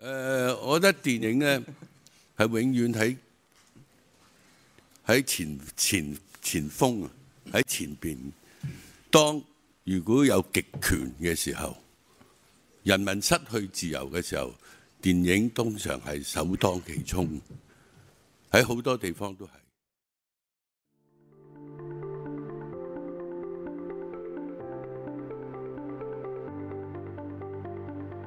誒、呃，我覺得電影呢係永遠喺喺前前前鋒啊，喺前邊。當如果有極權嘅時候，人民失去自由嘅時候，電影通常係首當其衝，喺好多地方都係。